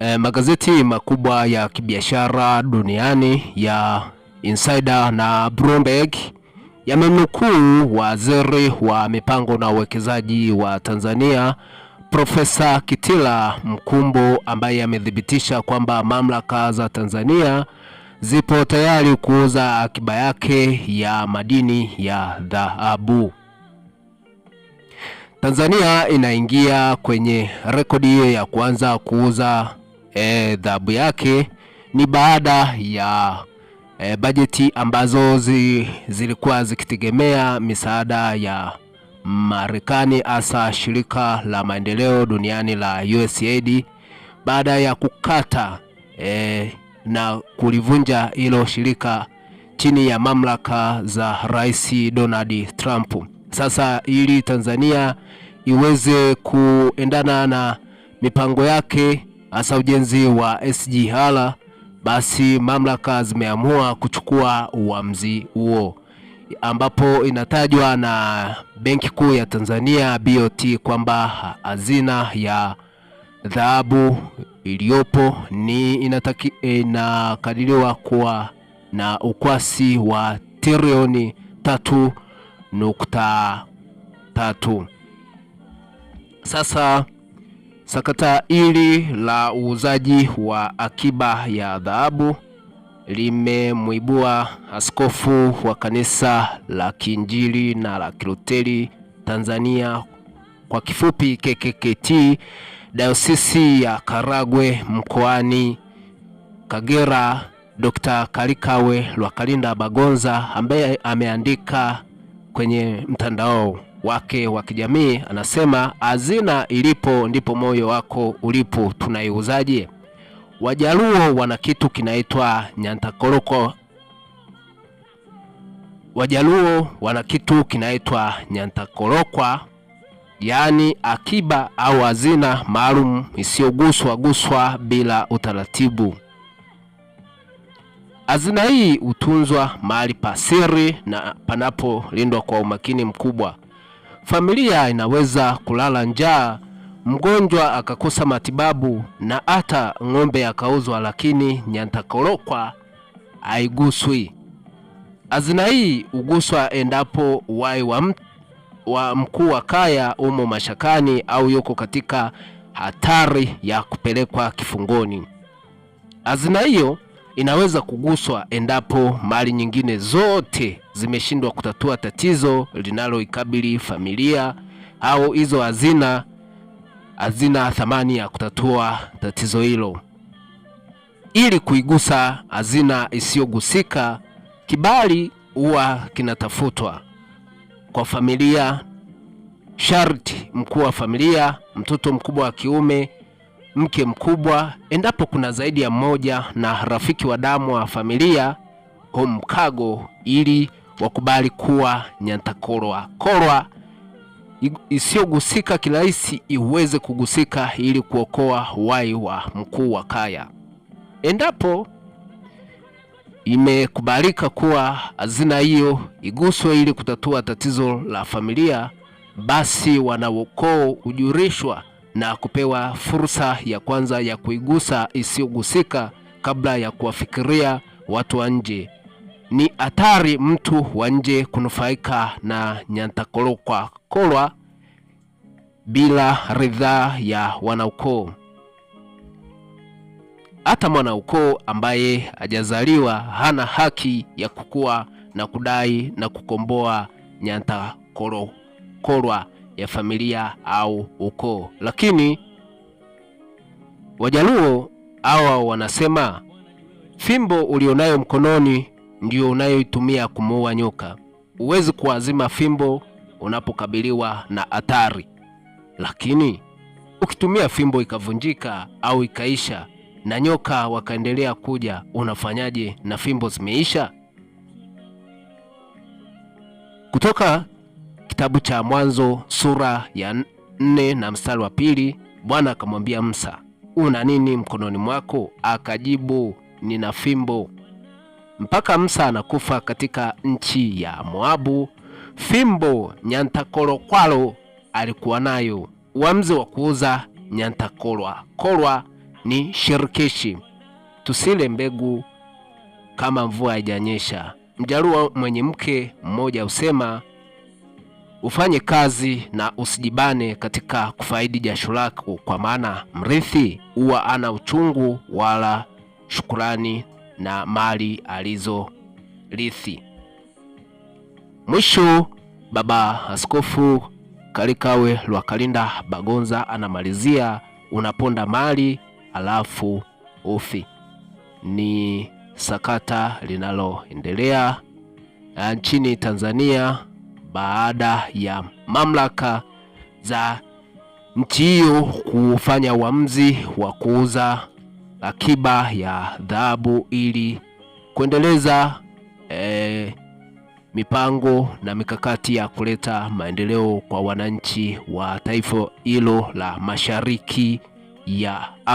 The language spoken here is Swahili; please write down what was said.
E, magazeti makubwa ya kibiashara duniani ya Insider na Bloomberg yamenukuu waziri wa mipango na uwekezaji wa Tanzania Profesa Kitila Mkumbo ambaye amethibitisha kwamba mamlaka za Tanzania zipo tayari kuuza akiba yake ya madini ya dhahabu. Tanzania inaingia kwenye rekodi hiyo ya kuanza kuuza E, adhabu dhabu yake ni baada ya e, bajeti ambazo zi, zilikuwa zikitegemea misaada ya Marekani hasa shirika la maendeleo duniani la USAID baada ya kukata e, na kulivunja hilo shirika chini ya mamlaka za Rais Donald Trump. Sasa ili Tanzania iweze kuendana na mipango yake hasa ujenzi wa SGR, basi mamlaka zimeamua kuchukua uamuzi huo, ambapo inatajwa na Benki Kuu ya Tanzania BOT kwamba hazina ya dhahabu iliyopo ni inataki, inakadiriwa kuwa na ukwasi wa trilioni tatu nukta tatu. Sasa Sakata hili la uuzaji wa akiba ya dhahabu limemwibua askofu wa kanisa la Kiinjili na la kiroteli Tanzania kwa kifupi KKKT dayosisi ya Karagwe mkoani Kagera, Dr. Kalikawe Lwakalinda Bagonza ambaye ameandika kwenye mtandao wake wa kijamii anasema, hazina ilipo ndipo moyo wako ulipo, tunaiuzaje? Wajaluo wana kitu kinaitwa nyantakoroko. Wajaluo wana kitu kinaitwa nyantakorokwa, yaani akiba au hazina maalum isiyoguswa guswa bila utaratibu. Hazina hii hutunzwa mahali pa siri na panapolindwa kwa umakini mkubwa familia inaweza kulala njaa, mgonjwa akakosa matibabu na hata ng'ombe akauzwa, lakini Nyantakorokwa haiguswi. Hazina hii huguswa endapo uhai wa, wa mkuu wa kaya umo mashakani au yuko katika hatari ya kupelekwa kifungoni. Hazina hiyo inaweza kuguswa endapo mali nyingine zote zimeshindwa kutatua tatizo linaloikabili familia au hizo hazina hazina thamani ya kutatua tatizo hilo. Ili kuigusa hazina isiyogusika, kibali huwa kinatafutwa kwa familia. Sharti mkuu wa familia, mtoto mkubwa wa kiume, mke mkubwa, endapo kuna zaidi ya mmoja, na rafiki wa damu wa familia, homkago, ili wakubali kuwa nyantakorwa korwa isiyogusika kirahisi iweze kugusika ili kuokoa uhai wa mkuu wa kaya. Endapo imekubalika kuwa hazina hiyo iguswe ili kutatua tatizo la familia, basi wanaukoo hujurishwa na kupewa fursa ya kwanza ya kuigusa isiyogusika kabla ya kuwafikiria watu wa nje. Ni hatari mtu wa nje kunufaika na nyantakorokwa kolwa bila ridhaa ya wanaukoo. Hata mwanaukoo ambaye hajazaliwa hana haki ya kukua na kudai na kukomboa nyantakorwa ya familia au ukoo. Lakini Wajaluo hawa wanasema fimbo ulionayo mkononi ndio unayoitumia kumuua nyoka. Huwezi kuazima fimbo unapokabiliwa na hatari, lakini ukitumia fimbo ikavunjika au ikaisha na nyoka wakaendelea kuja, unafanyaje na fimbo zimeisha? Kutoka kitabu cha Mwanzo sura ya nne na mstari wa pili Bwana akamwambia Musa, una nini mkononi mwako? Akajibu, nina fimbo mpaka Musa anakufa katika nchi ya Moabu. Fimbo kwalo alikuwa nayo. Uamuzi wa kuuza nyantakolwa kolwa ni shirikishi. Tusile mbegu kama mvua haijanyesha. Mjaluo mwenye mke mmoja husema ufanye kazi na usijibane katika kufaidi jasho lako, kwa maana mrithi huwa ana uchungu wala shukurani na mali alizorithi. Mwisho, Baba Askofu Kalikawe Lwakalinda Bagonza anamalizia, unaponda mali alafu ufi. Ni sakata linaloendelea e, nchini Tanzania baada ya mamlaka za nchi hiyo kufanya uamuzi wa kuuza akiba ya dhahabu ili kuendeleza e, mipango na mikakati ya kuleta maendeleo kwa wananchi wa taifa hilo la Mashariki ya Afrika.